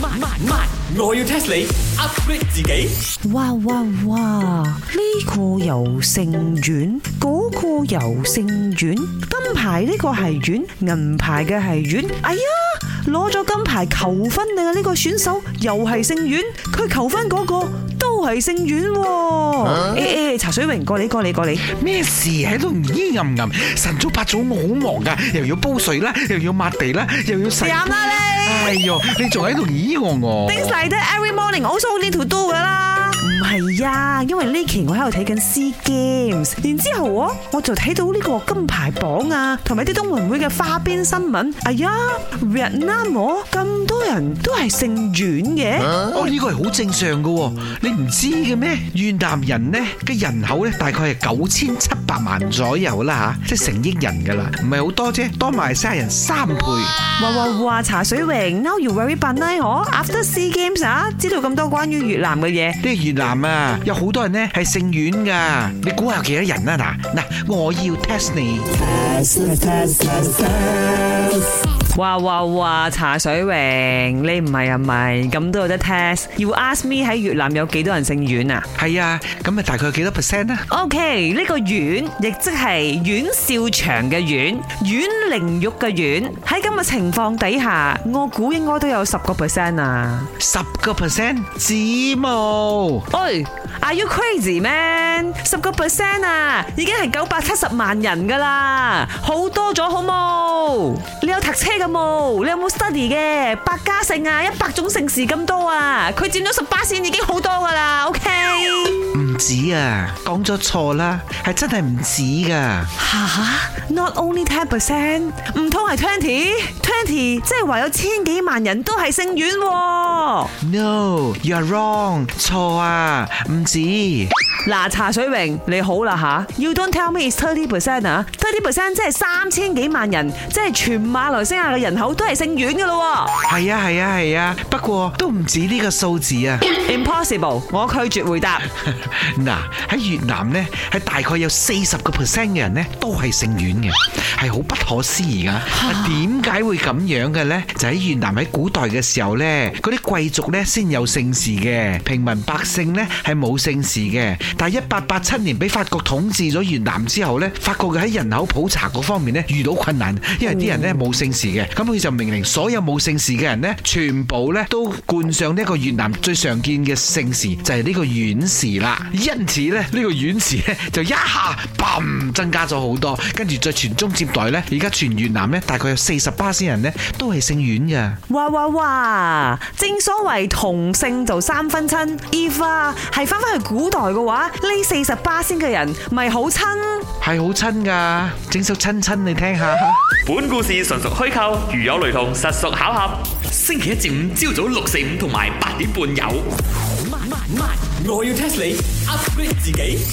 m im itation 我要 test 你 upgrade 自己。哇哇哇！呢、這個又姓遠，嗰、那個又姓遠，金牌呢個係遠，銀牌嘅係遠。哎呀，攞咗金牌求婚嘅呢個選手又係姓遠，佢求婚嗰、那個。都係聖院、啊，誒誒蛤、欸欸，茶水榮，過嚟過嚟過嚟，咩事喺度咿吟吟？晨早八早我好忙噶，又要煲水啦，又要抹地啦，又要洗。你啦呦你，哎呦，你仲喺度咦？我我。Every morning，also need to do 噶啦。係呀，因為呢期我喺度睇緊 Sea Games，然之後我我就睇到呢個金牌榜啊，同埋啲東運會嘅花邊新聞。哎呀，Vietnam 咁多人都係姓阮嘅，哦呢個係好正常嘅，你唔知嘅咩？越南人咧嘅人口咧大概係九千七百萬左右啦吓，即係成億人噶啦，唔係好多啫，多埋西亞人三倍。哇哇哇，茶水榮，now you very banana？我 after Sea Games 啊，知道咁多關於越南嘅嘢？啲越南。嘛，有好多人咧係姓阮噶，你估下有幾多人啊？嗱嗱，我要 test 你。哇哇哇茶水榮，你唔係啊咪，咁都有得 test？You ask me 喺越南有幾多人姓阮啊？係啊，咁啊大概幾多 percent 咧？OK，呢個阮亦即係阮兆祥嘅阮，阮玲玉嘅阮。喺咁嘅情況底下，我估應該都有十個 percent 啊！十個 percent，子木，喂，Are you crazy man？十個 percent 啊，已經係九百七十萬人噶啦，好多咗，好冇？你有踏車嘅冇？你有冇 study 嘅？百家姓啊，一百種姓氏咁多啊，佢佔咗十八線已經好多噶啦，OK？唔止啊，講咗錯啦，係真係唔止噶。哈哈，Not only ten percent，唔通係 twenty？twenty 即係話有千幾萬人都係姓袁？No，you're a wrong，錯啊，唔、no，止。嗱，茶水榮你好啦吓、啊、，You don't tell me it's thirty percent 啊，thirty percent 即係三千幾萬人，即係全馬來西亞嘅人口都係姓阮噶咯。係啊係啊係啊，不過都唔止呢個數字啊。Impossible，我拒絕回答。嗱喺 越南咧，係大概有四十個 percent 嘅人咧，都係姓阮嘅，係好不可思議噶。點解 會咁樣嘅咧？就喺、是、越南喺古代嘅時候咧，嗰啲貴族咧先有姓氏嘅，平民百姓咧係冇姓氏嘅。但係一八八七年俾法國統治咗越南之後呢，法國嘅喺人口普查嗰方面呢，遇到困難，因為啲人呢冇姓氏嘅，咁佢、嗯、就命令所有冇姓氏嘅人呢，全部呢都冠上呢一個越南最常見嘅姓氏，就係、是、呢個阮氏啦。因此呢，呢、這個阮氏呢就一下嘣增加咗好多，跟住再傳宗接代呢，而家全越南呢大概有四十巴仙人呢都係姓阮嘅。哇哇哇！正所謂同姓就三分親，if 啊，係翻返去古代嘅話。呢四十八先嘅人咪好親，係好親㗎，整首親親你聽下。本故事純屬虛構，如有雷同，實屬巧合。星期一至五朝早六四五同埋八點半有。My, my, my, 我要 test 你 upgrade 自己。